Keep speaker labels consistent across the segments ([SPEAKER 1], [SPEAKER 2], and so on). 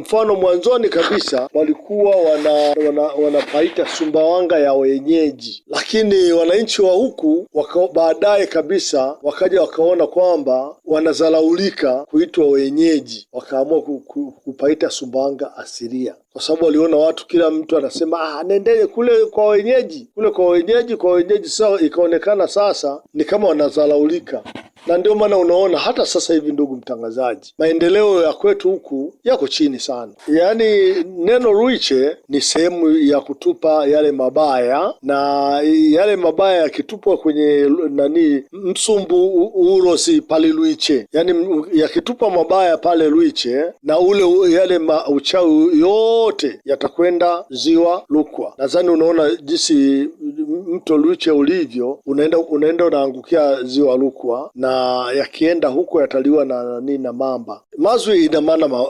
[SPEAKER 1] mfano mwanzoni kabisa walikuwa wanapaita wana, Sumbawanga ya wenyeji, lakini wananchi wa huku baadaye kabisa wakaja wakaona kwamba wanazalaulika kuitwa wenyeji, wakaamua kupaita Sumbawanga asilia kwa sababu waliona watu, kila mtu anasema ah, nendele kule kwa wenyeji, kule kwa wenyeji, kwa wenyeji. Sasa ikaonekana sasa ni kama wanazalaulika, na ndio maana unaona hata sasa hivi ndugu mtangazaji, maendeleo ya kwetu huku yako chini sana. Yaani neno Ruiche ni sehemu ya kutupa yale mabaya, na yale mabaya yakitupwa kwenye nani, msumbu urosi pale Ruiche, yaani yakitupa mabaya pale Ruiche na ule yale ma, uchawi yote yatakwenda ziwa lukwa Nadhani unaona jinsi mto Luche ulivyo unaenda unaenda unaangukia ziwa Rukwa, na yakienda huko yataliwa na nini na mamba. Mazwi ina maana ma,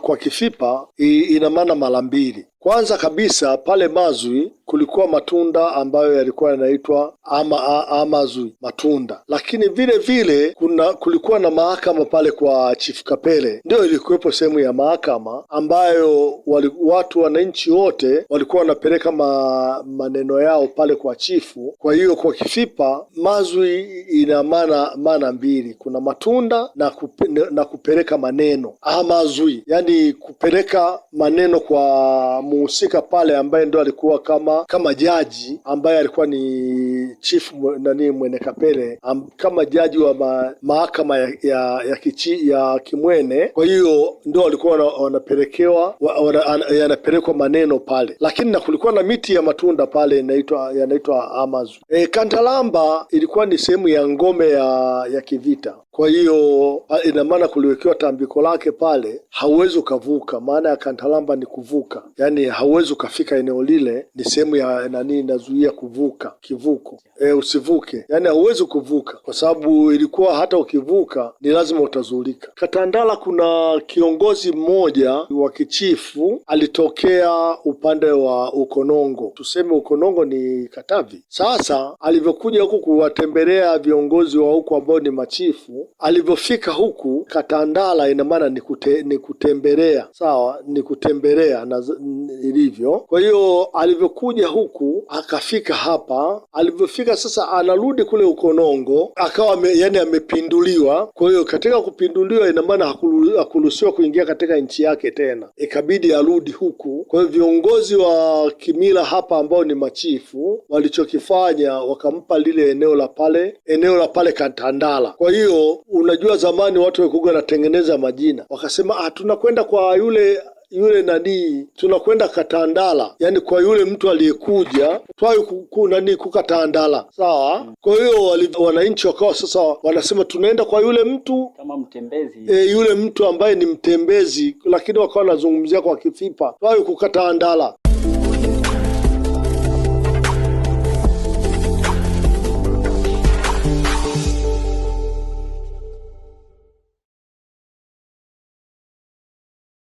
[SPEAKER 1] kwa Kifipa ina maana mara mbili. Kwanza kabisa pale Mazwi kulikuwa matunda ambayo yalikuwa yanaitwa ama, Amazwi matunda, lakini vile vile kuna kulikuwa na mahakama pale kwa Chifu Kapele, ndiyo ilikuwepo sehemu ya mahakama ambayo wali, watu wananchi wote walikuwa wanapeleka ma, maneno yao pale kwa chifu. Kwa hiyo kwa kifipa Mazwi ina maana maana mbili, kuna matunda na, kupe, na kupeleka maneno Amazwi, yani kupeleka maneno kwa mu mhusika pale ambaye ndo alikuwa kama kama jaji ambaye alikuwa ni chief nani Mwene Kapere am, kama jaji wa ma, mahakama ya ya, ya, kichi, ya Kimwene. Kwa hiyo ndo walikuwa wanapelekewa yanapelekwa maneno pale, lakini na kulikuwa na miti ya matunda pale inaitwa yanaitwa Amazon. E, Kantalamba ilikuwa ni sehemu ya ngome ya, ya kivita. Kwa hiyo ina maana kuliwekewa tambiko lake pale, hauwezi ukavuka. Maana ya kantalamba ni kuvuka, yani hauwezi ukafika eneo lile, ni sehemu ya nani inazuia kuvuka, kivuko e, usivuke, yani hauwezi kuvuka kwa sababu ilikuwa hata ukivuka ni lazima utazulika. Katandala kuna kiongozi mmoja wa kichifu alitokea upande wa Ukonongo, tuseme Ukonongo ni Katavi. Sasa alivyokuja huku kuwatembelea viongozi wa huku ambao ni machifu alivyofika huku Katandala, ina maana ni, kute, ni kutembelea sawa, ni kutembelea na ilivyo. Kwa hiyo alivyokuja huku akafika hapa, alivyofika sasa anarudi kule Ukonongo akawa me, yani amepinduliwa. Kwa hiyo katika kupinduliwa, ina maana hakuruhusiwa kuingia katika nchi yake tena, ikabidi arudi huku. Kwa hiyo viongozi wa kimila hapa ambao ni machifu walichokifanya wakampa lile eneo la pale eneo la pale Katandala. Kwa hiyo unajua, zamani watu walikuwa wanatengeneza majina, wakasema ah, tunakwenda kwa yule yule nanii, tunakwenda Katandala, yani kwa yule mtu aliyekuja twayo kuku nani kukatandala, sawa. Kwa hiyo wananchi wakawa sasa wanasema tunaenda kwa yule mtu
[SPEAKER 2] kama mtembezi
[SPEAKER 1] e, yule mtu ambaye ni mtembezi, lakini wakawa wanazungumzia kwa kifipa twai kukatandala.